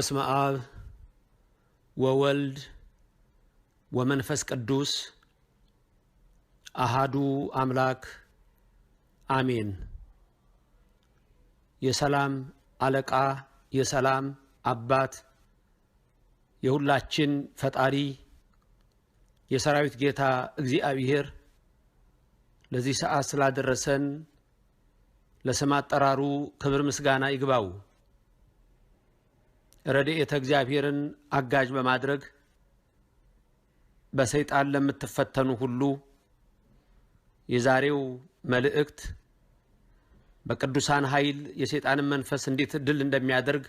በስመ አብ ወወልድ ወመንፈስ ቅዱስ አሃዱ አምላክ አሜን። የሰላም አለቃ የሰላም አባት የሁላችን ፈጣሪ የሰራዊት ጌታ እግዚአብሔር ለዚህ ሰዓት ስላደረሰን ለስም አጠራሩ ክብር ምስጋና ይግባው። ረድኤተ እግዚአብሔርን አጋዥ በማድረግ በሰይጣን ለምትፈተኑ ሁሉ የዛሬው መልእክት በቅዱሳን ኃይል የሰይጣንን መንፈስ እንዴት ድል እንደሚያደርግ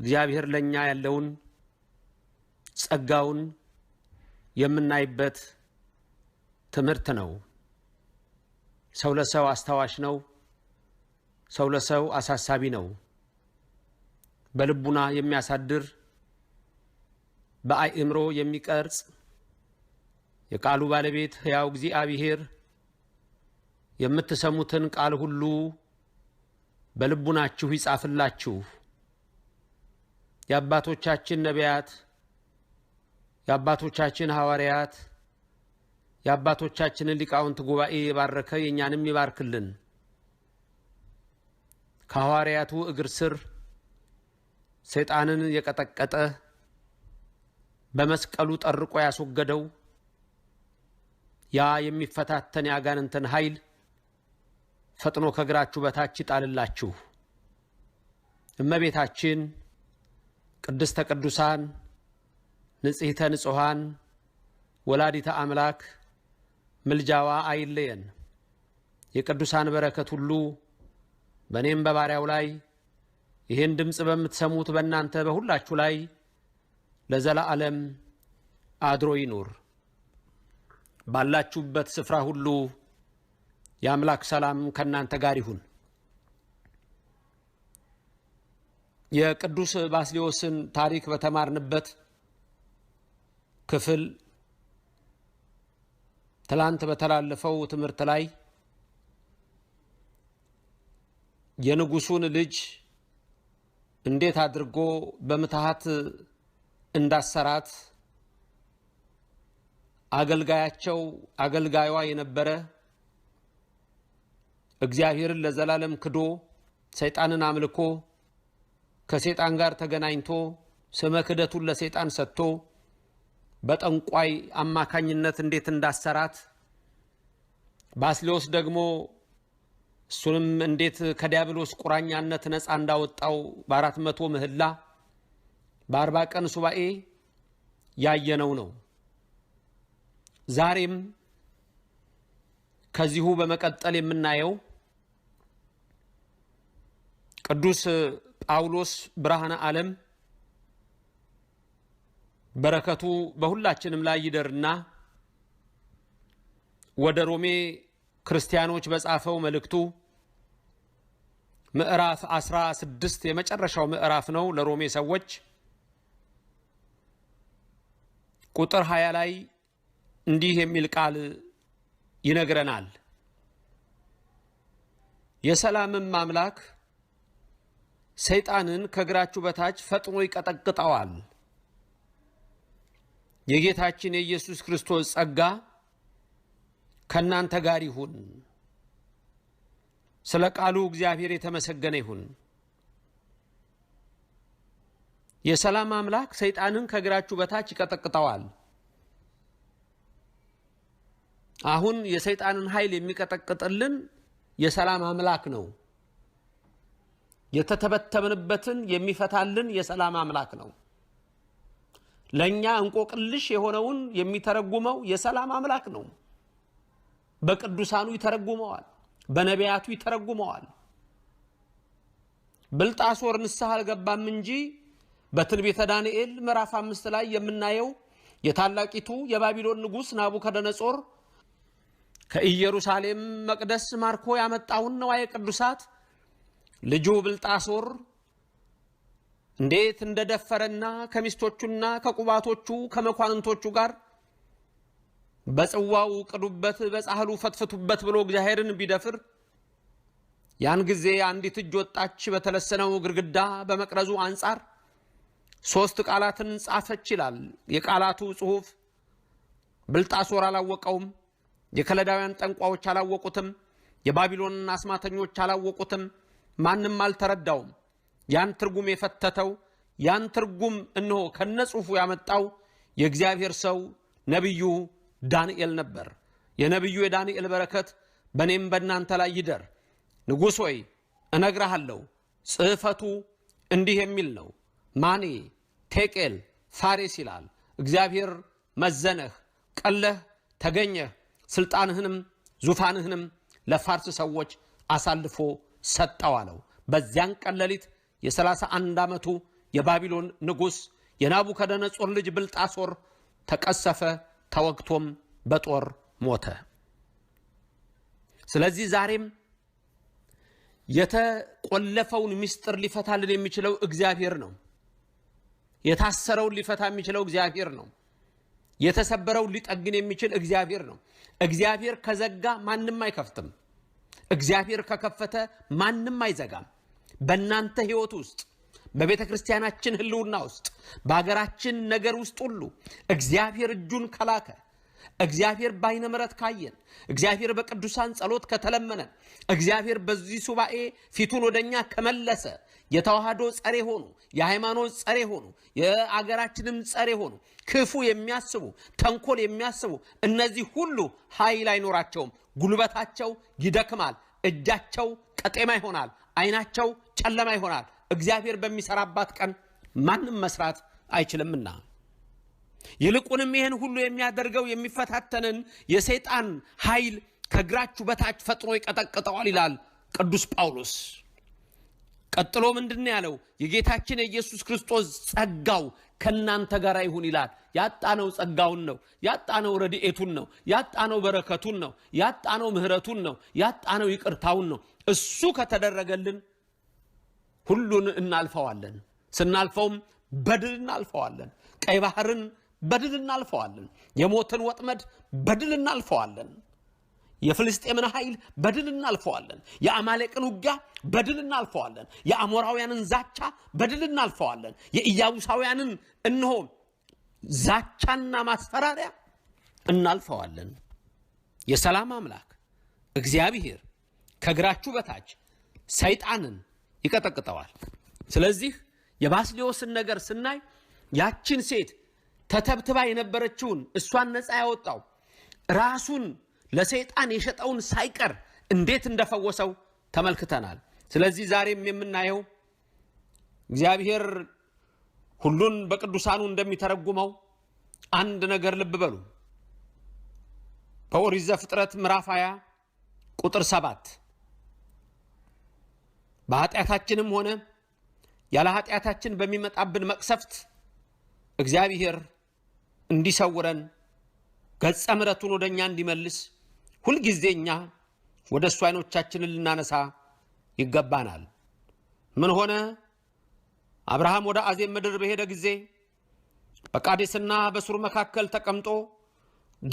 እግዚአብሔር ለእኛ ያለውን ጸጋውን የምናይበት ትምህርት ነው። ሰው ለሰው አስታዋሽ ነው። ሰው ለሰው አሳሳቢ ነው። በልቡና የሚያሳድር በአእምሮ የሚቀርጽ የቃሉ ባለቤት ሕያው እግዚአብሔር የምትሰሙትን ቃል ሁሉ በልቡናችሁ ይጻፍላችሁ። የአባቶቻችን ነቢያት፣ የአባቶቻችን ሐዋርያት፣ የአባቶቻችንን ሊቃውንት ጉባኤ የባረከ የእኛንም ይባርክልን። ከሐዋርያቱ እግር ስር ሰይጣንን የቀጠቀጠ በመስቀሉ ጠርቆ ያስወገደው ያ የሚፈታተን የአጋንንትን ኃይል ፈጥኖ ከእግራችሁ በታች ይጣልላችሁ። እመቤታችን ቅድስተ ቅዱሳን ንጽሕተ ንጹሐን ወላዲተ አምላክ ምልጃዋ አይለየን። የቅዱሳን በረከት ሁሉ በእኔም በባሪያው ላይ ይህን ድምፅ በምትሰሙት በእናንተ በሁላችሁ ላይ ለዘላለም አድሮ ይኑር። ባላችሁበት ስፍራ ሁሉ የአምላክ ሰላም ከእናንተ ጋር ይሁን። የቅዱስ ባስልዮስን ታሪክ በተማርንበት ክፍል ትላንት በተላለፈው ትምህርት ላይ የንጉሱን ልጅ እንዴት አድርጎ በምትሃት እንዳሰራት አገልጋያቸው አገልጋዩዋ የነበረ እግዚአብሔርን ለዘላለም ክዶ ሰይጣንን አምልኮ ከሰይጣን ጋር ተገናኝቶ ስመ ክደቱን ለሰይጣን ሰጥቶ በጠንቋይ አማካኝነት እንዴት እንዳሰራት ባስሌዎስ ደግሞ እሱንም እንዴት ከዲያብሎስ ቁራኛነት ነፃ እንዳወጣው በአራት መቶ ምህላ በአርባ ቀን ሱባኤ ያየነው ነው። ዛሬም ከዚሁ በመቀጠል የምናየው ቅዱስ ጳውሎስ ብርሃነ ዓለም በረከቱ በሁላችንም ላይ ይደርና ወደ ሮሜ ክርስቲያኖች በጻፈው መልእክቱ ምዕራፍ 16 የመጨረሻው ምዕራፍ ነው ለሮሜ ሰዎች ቁጥር 20 ላይ እንዲህ የሚል ቃል ይነግረናል። የሰላምም አምላክ ሰይጣንን ከእግራችሁ በታች ፈጥኖ ይቀጠቅጠዋል። የጌታችን የኢየሱስ ክርስቶስ ጸጋ ከእናንተ ጋር ይሁን። ስለ ቃሉ እግዚአብሔር የተመሰገነ ይሁን። የሰላም አምላክ ሰይጣንን ከእግራችሁ በታች ይቀጠቅጠዋል። አሁን የሰይጣንን ኃይል የሚቀጠቅጥልን የሰላም አምላክ ነው። የተተበተብንበትን የሚፈታልን የሰላም አምላክ ነው። ለእኛ እንቆቅልሽ የሆነውን የሚተረጉመው የሰላም አምላክ ነው። በቅዱሳኑ ይተረጉመዋል፣ በነቢያቱ ይተረጉመዋል። ብልጣሶር ንስሐ አልገባም እንጂ በትንቢተ ዳንኤል ምዕራፍ አምስት ላይ የምናየው የታላቂቱ የባቢሎን ንጉሥ ናቡከደነጾር ከኢየሩሳሌም መቅደስ ማርኮ ያመጣውን ነዋየ ቅዱሳት ልጁ ብልጣሶር እንዴት እንደደፈረና ከሚስቶቹና ከቁባቶቹ ከመኳንንቶቹ ጋር በጽዋው ቅዱበት በጻሕሉ ፈትፍቱበት ብሎ እግዚአብሔርን ቢደፍር ያን ጊዜ አንዲት እጅ ወጣች፣ በተለሰነው ግድግዳ በመቅረዙ አንጻር ሶስት ቃላትን ጻፈች ይላል። የቃላቱ ጽሑፍ ብልጣሶር አላወቀውም፣ የከለዳውያን ጠንቋዎች አላወቁትም፣ የባቢሎን አስማተኞች አላወቁትም፣ ማንም አልተረዳውም። ያን ትርጉም የፈተተው ያን ትርጉም እነሆ ከነ ጽሑፉ ያመጣው የእግዚአብሔር ሰው ነቢዩ ዳንኤል ነበር። የነቢዩ የዳንኤል በረከት በእኔም በእናንተ ላይ ይደር። ንጉሥ ሆይ እነግርሃለሁ፣ ጽሕፈቱ እንዲህ የሚል ነው፣ ማኔ ቴቄል ፋሬስ ይላል። እግዚአብሔር መዘነህ፣ ቀለህ፣ ተገኘህ፣ ስልጣንህንም ዙፋንህንም ለፋርስ ሰዎች አሳልፎ ሰጠው አለው። በዚያን ቀን ሌሊት የሰላሳ አንድ ዓመቱ የባቢሎን ንጉሥ የናቡከደነጾር ልጅ ብልጣሶር ተቀሰፈ፣ ተወግቶም በጦር ሞተ። ስለዚህ ዛሬም የተቆለፈውን ምስጢር ሊፈታልን የሚችለው እግዚአብሔር ነው። የታሰረውን ሊፈታ የሚችለው እግዚአብሔር ነው። የተሰበረውን ሊጠግን የሚችል እግዚአብሔር ነው። እግዚአብሔር ከዘጋ ማንም አይከፍትም። እግዚአብሔር ከከፈተ ማንም አይዘጋም። በእናንተ ሕይወት ውስጥ በቤተ ክርስቲያናችን ህልውና ውስጥ በሀገራችን ነገር ውስጥ ሁሉ እግዚአብሔር እጁን ከላከ እግዚአብሔር በዓይነ ምረት ካየን እግዚአብሔር በቅዱሳን ጸሎት ከተለመነን እግዚአብሔር በዚህ ሱባኤ ፊቱን ወደ እኛ ከመለሰ የተዋህዶ ጸሬ ሆኑ፣ የሃይማኖት ጸሬ ሆኑ፣ የአገራችንም ጸሬ ሆኑ። ክፉ የሚያስቡ ተንኮል የሚያስቡ እነዚህ ሁሉ ኃይል አይኖራቸውም። ጉልበታቸው ይደክማል፣ እጃቸው ቀጤማ ይሆናል፣ አይናቸው ጨለማ ይሆናል። እግዚአብሔር በሚሰራባት ቀን ማንም መስራት አይችልምና ይልቁንም ይህን ሁሉ የሚያደርገው የሚፈታተንን የሰይጣን ኃይል ከእግራችሁ በታች ፈጥኖ ይቀጠቅጠዋል ይላል ቅዱስ ጳውሎስ። ቀጥሎ ምንድን ያለው? የጌታችን የኢየሱስ ክርስቶስ ጸጋው ከእናንተ ጋር ይሁን ይላል። ያጣነው ጸጋውን ነው። ያጣነው ረድኤቱን ነው። ያጣነው በረከቱን ነው። ያጣነው ምሕረቱን ነው። ያጣነው ይቅርታውን ነው። እሱ ከተደረገልን ሁሉን እናልፈዋለን። ስናልፈውም በድል እናልፈዋለን። ቀይ ባህርን በድል እናልፈዋለን። የሞትን ወጥመድ በድል እናልፈዋለን። የፍልስጤምን ኃይል በድል እናልፈዋለን። የአማሌቅን ውጊያ በድል እናልፈዋለን። የአሞራውያንን ዛቻ በድል እናልፈዋለን። የኢያቡሳውያንን እነሆ ዛቻና ማስፈራሪያ እናልፈዋለን። የሰላም አምላክ እግዚአብሔር ከእግራችሁ በታች ሰይጣንን ይቀጠቅጠዋል። ስለዚህ የባስሊዮስን ነገር ስናይ ያችን ሴት ተተብትባ የነበረችውን እሷን ነፃ ያወጣው ራሱን ለሰይጣን የሸጠውን ሳይቀር እንዴት እንደፈወሰው ተመልክተናል። ስለዚህ ዛሬም የምናየው እግዚአብሔር ሁሉን በቅዱሳኑ እንደሚተረጉመው አንድ ነገር ልብ በሉ። በኦሪት ዘፍጥረት ምዕራፍ 20 ቁጥር ሰባት በኃጢአታችንም ሆነ ያለ ኃጢአታችን በሚመጣብን መቅሰፍት እግዚአብሔር እንዲሰውረን ገጸ ምረቱን ወደ እኛ እንዲመልስ ሁልጊዜ እኛ ወደ እሱ አይኖቻችንን ልናነሳ ይገባናል። ምን ሆነ? አብርሃም ወደ አዜብ ምድር በሄደ ጊዜ በቃዴስና በሱር መካከል ተቀምጦ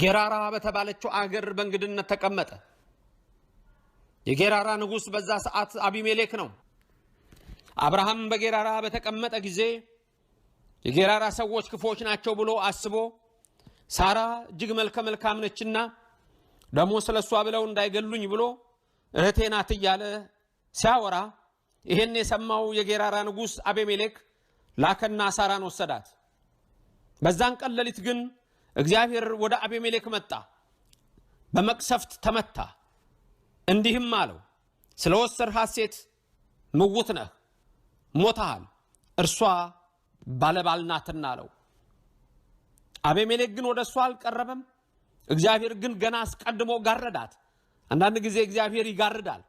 ጌራራ በተባለችው አገር በእንግድነት ተቀመጠ። የጌራራ ንጉሥ በዛ ሰዓት አቢሜሌክ ነው። አብርሃም በጌራራ በተቀመጠ ጊዜ የጌራራ ሰዎች ክፎች ናቸው ብሎ አስቦ ሳራ እጅግ መልከ መልካም ነችና ደግሞ ስለ እሷ ብለው እንዳይገሉኝ ብሎ እህቴ ናት እያለ ሲያወራ ይህን የሰማው የጌራራ ንጉሥ አቤሜሌክ ላከና ሳራን ወሰዳት። በዛን ቀን ሌሊት ግን እግዚአብሔር ወደ አቤሜሌክ መጣ፣ በመቅሰፍት ተመታ። እንዲህም አለው፣ ስለ ወሰድህ ሐሴት ምውት ነህ፣ ሞታሃል፣ እርሷ ባለባል ናትና አለው። አቤሜሌክ ግን ወደ እሷ አልቀረበም። እግዚአብሔር ግን ገና አስቀድሞ ጋረዳት። አንዳንድ ጊዜ እግዚአብሔር ይጋርዳል።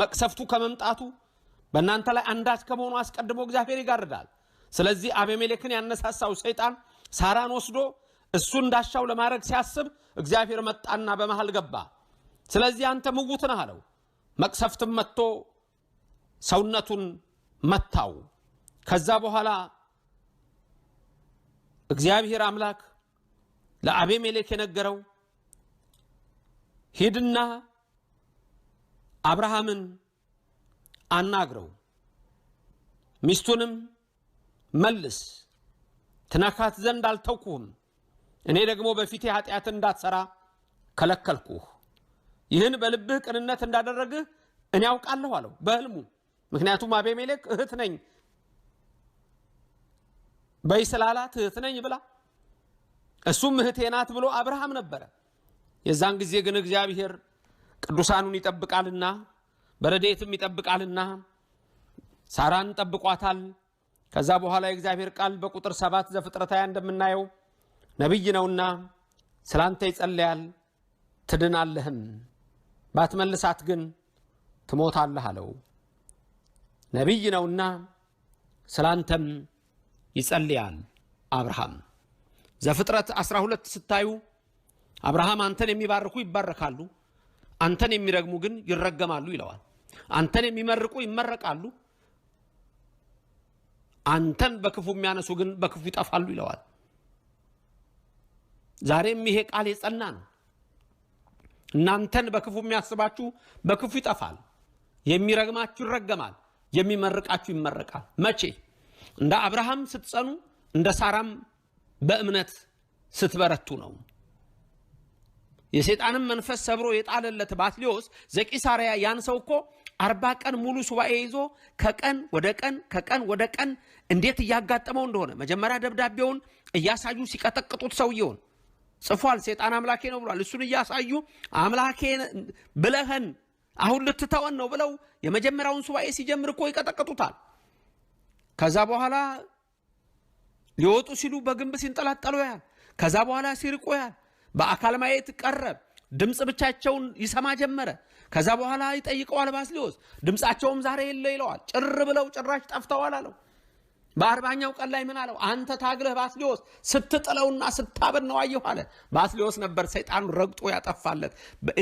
መቅሰፍቱ ከመምጣቱ በእናንተ ላይ አንዳች ከመሆኑ አስቀድሞ እግዚአብሔር ይጋርዳል። ስለዚህ አቤሜሌክን ያነሳሳው ሰይጣን ሳራን ወስዶ እሱ እንዳሻው ለማድረግ ሲያስብ እግዚአብሔር መጣና በመሃል ገባ። ስለዚህ አንተ ምውት ነህ አለው። መቅሰፍትም መጥቶ ሰውነቱን መታው። ከዛ በኋላ እግዚአብሔር አምላክ ለአቤሜሌክ የነገረው ሂድና አብርሃምን አናግረው፣ ሚስቱንም መልስ፣ ትነካት ዘንድ አልተውኩህም። እኔ ደግሞ በፊቴ ኃጢአትን እንዳትሰራ ከለከልኩህ ይህን በልብህ ቅንነት እንዳደረግህ እኔ ያውቃለሁ አለው በህልሙ። ምክንያቱም አቤሜሌክ እህት ነኝ በይ ስላላት እህት ነኝ ብላ እሱም እህቴ ናት ብሎ አብርሃም ነበረ። የዛን ጊዜ ግን እግዚአብሔር ቅዱሳኑን ይጠብቃልና በረድኤትም ይጠብቃልና ሳራን ጠብቋታል። ከዛ በኋላ የእግዚአብሔር ቃል በቁጥር ሰባት ዘፍጥረት እንደምናየው ነቢይ ነውና ስላንተ ይጸለያል ትድናለህም ባትመልሳት ግን ትሞታለህ አለው። ነቢይ ነውና ስላንተም ይጸልያል አብርሃም። ዘፍጥረት 12 ስታዩ አብርሃም አንተን የሚባርኩ ይባረካሉ፣ አንተን የሚረግሙ ግን ይረገማሉ ይለዋል። አንተን የሚመርቁ ይመረቃሉ፣ አንተን በክፉ የሚያነሱ ግን በክፉ ይጠፋሉ ይለዋል። ዛሬም ይሄ ቃል የጸና ነው። እናንተን በክፉ የሚያስባችሁ በክፉ ይጠፋል። የሚረግማችሁ ይረገማል፣ የሚመርቃችሁ ይመረቃል። መቼ እንደ አብርሃም ስትጸኑ፣ እንደ ሳራም በእምነት ስትበረቱ ነው። የሰይጣንም መንፈስ ሰብሮ የጣለለት ባስልዮስ ዘቂሳርያ ያን ሰው እኮ አርባ ቀን ሙሉ ሱባኤ ይዞ ከቀን ወደ ቀን ከቀን ወደ ቀን እንዴት እያጋጠመው እንደሆነ መጀመሪያ ደብዳቤውን እያሳዩ ሲቀጠቅጡት ሰውየውን ጽፏል። ሴጣን አምላኬ ነው ብሏል። እሱን እያሳዩ አምላኬ ብለህን አሁን ልትተወን ነው ብለው የመጀመሪያውን ሱባኤ ሲጀምር እኮ ይቀጠቅጡታል። ከዛ በኋላ ሊወጡ ሲሉ በግንብ ሲንጠላጠሉ ያል። ከዛ በኋላ ሲርቆ ያል። በአካል ማየት ቀረ። ድምፅ ብቻቸውን ይሰማ ጀመረ። ከዛ በኋላ ይጠይቀዋል ባስልዮስ። ድምፃቸውም ዛሬ የለ ይለዋል። ጭር ብለው ጭራሽ ጠፍተዋል አለው። በአርባኛው ቀን ላይ ምን አለው? አንተ ታግለህ ባስሊዮስ ስትጥለውና ስታበድነው አየሁ አለ። ባስሊዮስ ነበር ሰይጣኑ ረግጦ ያጠፋለት።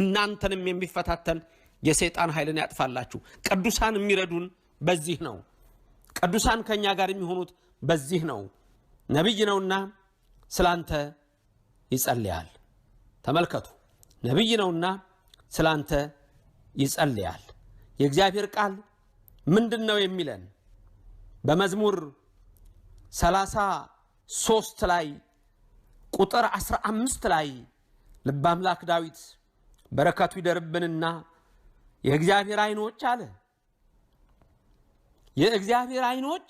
እናንተንም የሚፈታተን የሰይጣን ኃይልን ያጥፋላችሁ። ቅዱሳን የሚረዱን በዚህ ነው። ቅዱሳን ከእኛ ጋር የሚሆኑት በዚህ ነው። ነቢይ ነውና ስላንተ ይጸልያል። ተመልከቱ፣ ነቢይ ነውና ስላንተ ይጸልያል። የእግዚአብሔር ቃል ምንድን ነው የሚለን? በመዝሙር 33 ላይ ቁጥር 15 ላይ ልበ አምላክ ዳዊት በረከቱ ይደርብንና የእግዚአብሔር አይኖች አለ የእግዚአብሔር አይኖች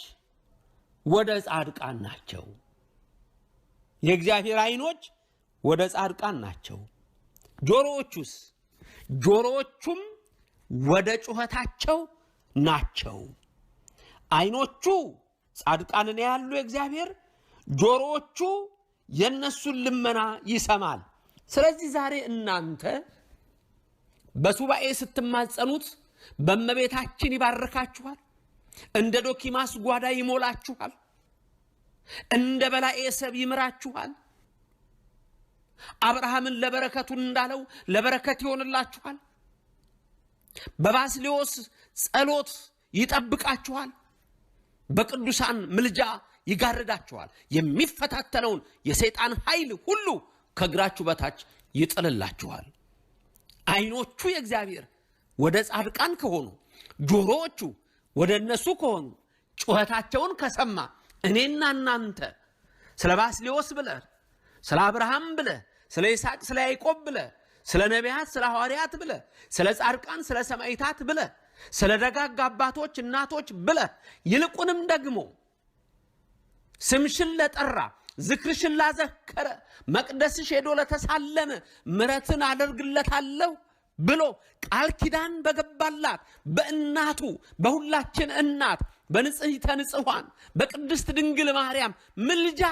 ወደ ጻድቃን ናቸው። የእግዚአብሔር አይኖች ወደ ጻድቃን ናቸው። ጆሮዎቹስ? ጆሮዎቹም ወደ ጩኸታቸው ናቸው። አይኖቹ ጻድቃንን ያሉ እግዚአብሔር ጆሮዎቹ የእነሱን ልመና ይሰማል። ስለዚህ ዛሬ እናንተ በሱባኤ ስትማጸኑት በእመቤታችን ይባርካችኋል፣ እንደ ዶኪማስ ጓዳ ይሞላችኋል፣ እንደ በላኤ ሰብ ይምራችኋል። አብርሃምን ለበረከቱ እንዳለው ለበረከት ይሆንላችኋል። በባስሌዎስ ጸሎት ይጠብቃችኋል። በቅዱሳን ምልጃ ይጋርዳችኋል። የሚፈታተነውን የሰይጣን ኃይል ሁሉ ከእግራችሁ በታች ይጥልላችኋል። ዓይኖቹ የእግዚአብሔር ወደ ጻድቃን ከሆኑ ጆሮዎቹ ወደ እነሱ ከሆኑ ጩኸታቸውን ከሰማ እኔና እናንተ ስለ ባስሌዎስ ብለ ስለ አብርሃም ብለ ስለ ይስሐቅ ስለ ያዕቆብ ብለ ስለ ነቢያት ስለ ሐዋርያት ብለ ስለ ጻድቃን ስለ ሰማይታት ብለህ ስለ ደጋግ አባቶች እናቶች ብለ ይልቁንም ደግሞ ስምሽን ለጠራ ዝክርሽን ላዘከረ መቅደስሽ ሄዶ ለተሳለመ ምረትን አደርግለታለሁ ብሎ ቃል ኪዳን በገባላት በእናቱ በሁላችን እናት በንጽሕተ ንጽኋን በቅድስት ድንግል ማርያም ምልጃ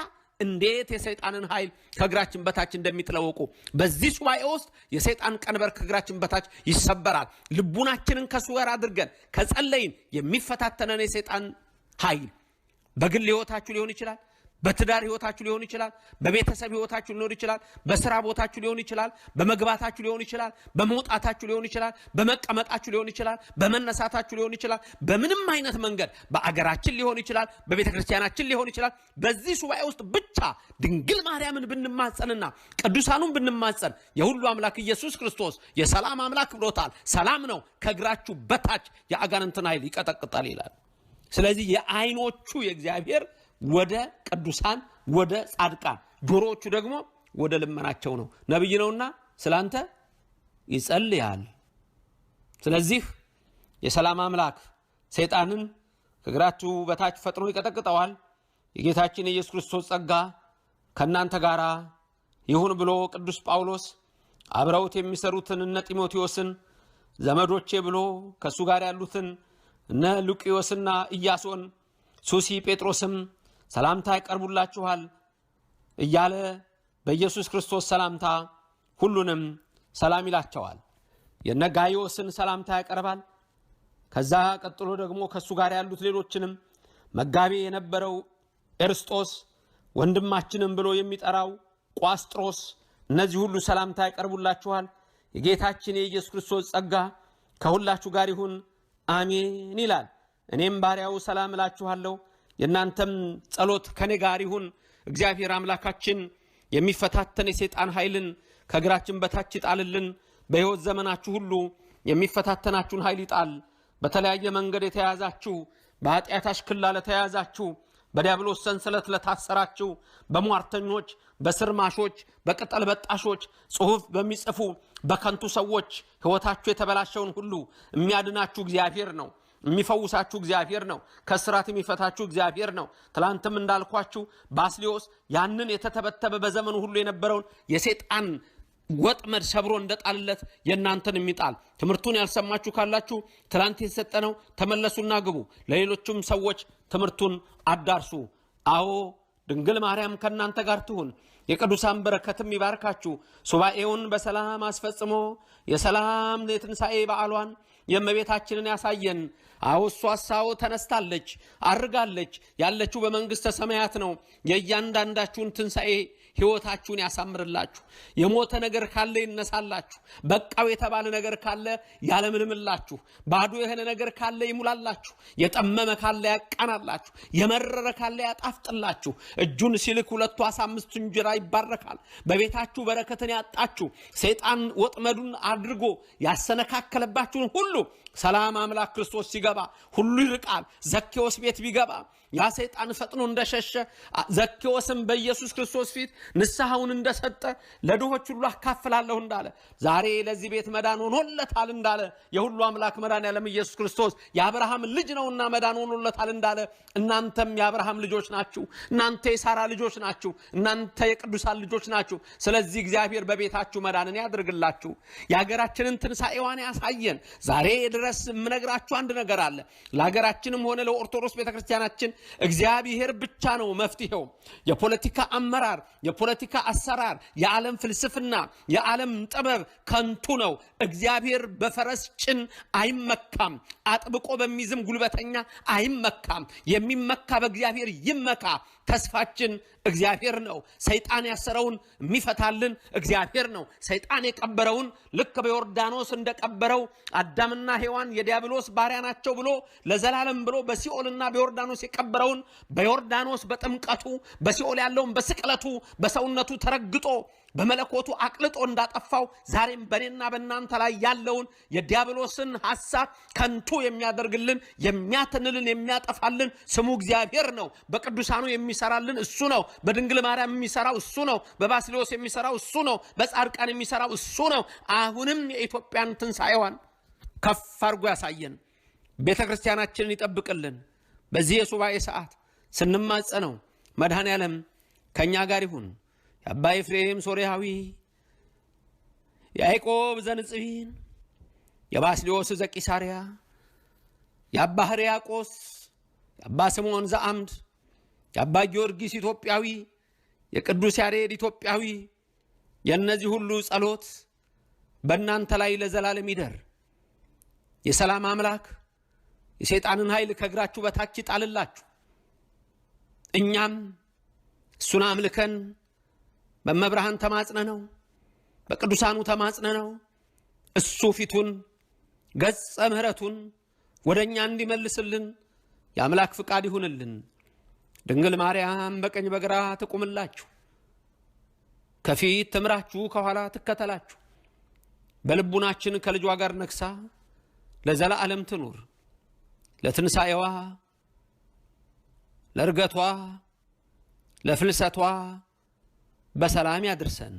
እንዴት የሰይጣንን ኃይል ከእግራችን በታች እንደሚጥለወቁ በዚህ ሱባኤ ውስጥ የሰይጣን ቀንበር ከእግራችን በታች ይሰበራል። ልቡናችንን ከሱ ጋር አድርገን ከጸለይን የሚፈታተነን የሰይጣን ኃይል በግል ሕይወታችሁ ሊሆን ይችላል በትዳር ህይወታችሁ ሊሆን ይችላል። በቤተሰብ ህይወታችሁ ሊሆን ይችላል። በስራ ቦታችሁ ሊሆን ይችላል። በመግባታችሁ ሊሆን ይችላል። በመውጣታችሁ ሊሆን ይችላል። በመቀመጣችሁ ሊሆን ይችላል። በመነሳታችሁ ሊሆን ይችላል። በምንም አይነት መንገድ በአገራችን ሊሆን ይችላል። በቤተ ክርስቲያናችን ሊሆን ይችላል። በዚህ ሱባኤ ውስጥ ብቻ ድንግል ማርያምን ብንማጸንና ቅዱሳኑን ብንማጸን የሁሉ አምላክ ኢየሱስ ክርስቶስ የሰላም አምላክ ብሎታል። ሰላም ነው ከእግራችሁ በታች የአጋንንትን ኃይል ይቀጠቅጣል ይላል። ስለዚህ የአይኖቹ የእግዚአብሔር ወደ ቅዱሳን ወደ ጻድቃን፣ ጆሮዎቹ ደግሞ ወደ ልመናቸው ነው። ነቢይ ነውና ስላንተ ይጸልያል። ስለዚህ የሰላም አምላክ ሰይጣንን ከእግራችሁ በታች ፈጥኖ ይቀጠቅጠዋል። የጌታችን የኢየሱስ ክርስቶስ ጸጋ ከእናንተ ጋር ይሁን ብሎ ቅዱስ ጳውሎስ አብረውት የሚሰሩትን እነ ጢሞቴዎስን ዘመዶቼ ብሎ ከእሱ ጋር ያሉትን እነ ሉቂዮስና ኢያሶን፣ ሱሲ ጴጥሮስም ሰላምታ ይቀርቡላችኋል እያለ በኢየሱስ ክርስቶስ ሰላምታ ሁሉንም ሰላም ይላቸዋል። የነ ጋዮስን ሰላምታ ያቀርባል። ከዛ ቀጥሎ ደግሞ ከእሱ ጋር ያሉት ሌሎችንም መጋቤ የነበረው ኤርስጦስ ወንድማችንም ብሎ የሚጠራው ቋስጥሮስ፣ እነዚህ ሁሉ ሰላምታ ያቀርቡላችኋል። የጌታችን የኢየሱስ ክርስቶስ ጸጋ ከሁላችሁ ጋር ይሁን አሜን ይላል። እኔም ባሪያው ሰላም እላችኋለሁ የእናንተም ጸሎት ከኔ ጋር ይሁን። እግዚአብሔር አምላካችን የሚፈታተን የሴጣን ኃይልን ከእግራችን በታች ይጣልልን። በሕይወት ዘመናችሁ ሁሉ የሚፈታተናችሁን ኃይል ይጣል። በተለያየ መንገድ የተያዛችሁ፣ በኃጢአት አሽክላ ለተያዛችሁ፣ በዲያብሎስ ሰንሰለት ለታሰራችሁ፣ በሟርተኞች፣ በስርማሾች፣ በቅጠል በጣሾች፣ ጽሑፍ በሚጽፉ በከንቱ ሰዎች ሕይወታችሁ የተበላሸውን ሁሉ የሚያድናችሁ እግዚአብሔር ነው። የሚፈውሳችሁ እግዚአብሔር ነው። ከስራት የሚፈታችሁ እግዚአብሔር ነው። ትላንትም እንዳልኳችሁ ባስሊዮስ ያንን የተተበተበ በዘመኑ ሁሉ የነበረውን የሴጣን ወጥመድ ሰብሮ እንደጣልለት የእናንተን የሚጣል ትምህርቱን ያልሰማችሁ ካላችሁ ትላንት የተሰጠነው ተመለሱና ግቡ። ለሌሎችም ሰዎች ትምህርቱን አዳርሱ። አዎ ድንግል ማርያም ከእናንተ ጋር ትሁን፣ የቅዱሳን በረከትም ይባርካችሁ። ሱባኤውን በሰላም አስፈጽሞ የሰላም የትንሣኤ በዓሏን የእመቤታችንን ያሳየን። አወሷ ሳዎ ተነስታለች፣ አርጋለች። ያለችው በመንግሥተ ሰማያት ነው። የእያንዳንዳችሁን ትንሣኤ ሕይወታችሁን ያሳምርላችሁ። የሞተ ነገር ካለ ይነሳላችሁ። በቃው የተባለ ነገር ካለ ያለምልምላችሁ። ባዶ የሆነ ነገር ካለ ይሙላላችሁ። የጠመመ ካለ ያቃናላችሁ። የመረረ ካለ ያጣፍጥላችሁ። እጁን ሲልክ ሁለቱ አሳ አምስቱ እንጀራ ይባረካል። በቤታችሁ በረከትን ያጣችሁ ሰይጣን ወጥመዱን አድርጎ ያሰነካከለባችሁን ሁሉ ሰላም አምላክ ክርስቶስ ሲገባ ሁሉ ይርቃል። ዘኬዎስ ቤት ቢገባ ያ ሰይጣን ፈጥኖ እንደሸሸ ዘኬዎስም በኢየሱስ ክርስቶስ ፊት ንስሐውን እንደሰጠ ለድሆች ሁሉ አካፍላለሁ እንዳለ ዛሬ ለዚህ ቤት መዳን ሆኖለታል እንዳለ የሁሉ አምላክ መዳን ያለም ኢየሱስ ክርስቶስ የአብርሃም ልጅ ነውና መዳን ሆኖለታል እንዳለ እናንተም የአብርሃም ልጆች ናችሁ፣ እናንተ የሳራ ልጆች ናችሁ፣ እናንተ የቅዱሳን ልጆች ናችሁ። ስለዚህ እግዚአብሔር በቤታችሁ መዳንን ያድርግላችሁ፣ የሀገራችንን ትንሣኤዋን ያሳየን። ዛሬ ድረስ የምነግራችሁ አንድ ነገር አለ ለሀገራችንም ሆነ ለኦርቶዶክስ ቤተክርስቲያናችን እግዚአብሔር ብቻ ነው መፍትሄው። የፖለቲካ አመራር፣ የፖለቲካ አሰራር፣ የዓለም ፍልስፍና፣ የዓለም ጥበብ ከንቱ ነው። እግዚአብሔር በፈረስ ጭን አይመካም፣ አጥብቆ በሚዝም ጉልበተኛ አይመካም። የሚመካ በእግዚአብሔር ይመካ። ተስፋችን እግዚአብሔር ነው። ሰይጣን ያሰረውን የሚፈታልን እግዚአብሔር ነው። ሰይጣን የቀበረውን ልክ በዮርዳኖስ እንደቀበረው አዳምና ሔዋን የዲያብሎስ ባሪያ ናቸው ብሎ ለዘላለም ብሎ በሲኦልና በዮርዳኖስ የቀበረውን በዮርዳኖስ በጥምቀቱ በሲኦል ያለውን በስቅለቱ በሰውነቱ ተረግጦ በመለኮቱ አቅልጦ እንዳጠፋው ዛሬም በእኔና በእናንተ ላይ ያለውን የዲያብሎስን ሐሳብ ከንቱ የሚያደርግልን የሚያትንልን የሚያጠፋልን ስሙ እግዚአብሔር ነው። በቅዱሳኑ የሚሰራልን እሱ ነው። በድንግል ማርያም የሚሰራው እሱ ነው። በባስሌዎስ የሚሰራው እሱ ነው። በጻድቃን የሚሰራው እሱ ነው። አሁንም የኢትዮጵያን ትንሣኤዋን ከፍ አድርጎ ያሳየን፣ ቤተ ክርስቲያናችንን ይጠብቅልን። በዚህ የሱባኤ ሰዓት ስንማጸነው መድኃኔ ዓለም ከእኛ ጋር ይሁን። የአባ ኤፍሬም ሶርያዊ፣ የያዕቆብ ዘንጽቢን፣ የባስልዮስ ዘቂሳርያ፣ የአባ ሕርያቆስ፣ የአባ ስምዖን ዘአምድ፣ የአባ ጊዮርጊስ ኢትዮጵያዊ፣ የቅዱስ ያሬድ ኢትዮጵያዊ የእነዚህ ሁሉ ጸሎት በእናንተ ላይ ለዘላለም ይደር። የሰላም አምላክ የሰይጣንን ኃይል ከእግራችሁ በታች ይጣልላችሁ። እኛም እሱን አምልከን በመብርሃን ተማጽነ ነው፣ በቅዱሳኑ ተማጽነ ነው። እሱ ፊቱን ገጸ ምሕረቱን ወደ እኛ እንዲመልስልን የአምላክ ፍቃድ ይሁንልን። ድንግል ማርያም በቀኝ በግራ ትቁምላችሁ፣ ከፊት ትምራችሁ፣ ከኋላ ትከተላችሁ። በልቡናችን ከልጇ ጋር ነግሳ ለዘላለም ትኑር። ለትንሣኤዋ፣ ለእርገቷ፣ ለፍልሰቷ በሰላም ያድርሰን።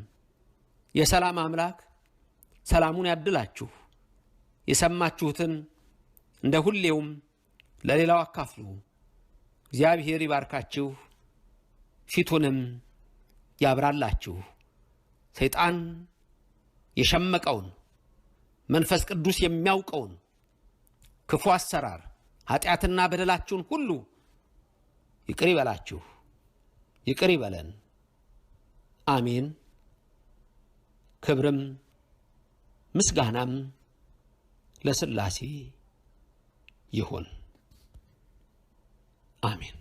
የሰላም አምላክ ሰላሙን ያድላችሁ። የሰማችሁትን እንደ ሁሌውም ለሌላው አካፍሉ። እግዚአብሔር ይባርካችሁ፣ ፊቱንም ያብራላችሁ። ሰይጣን የሸመቀውን መንፈስ ቅዱስ የሚያውቀውን ክፉ አሰራር ኃጢአትና በደላችሁን ሁሉ ይቅር ይበላችሁ፣ ይቅር ይበለን። አሜን። ክብርም ምስጋናም ለሥላሴ ይሁን። አሜን።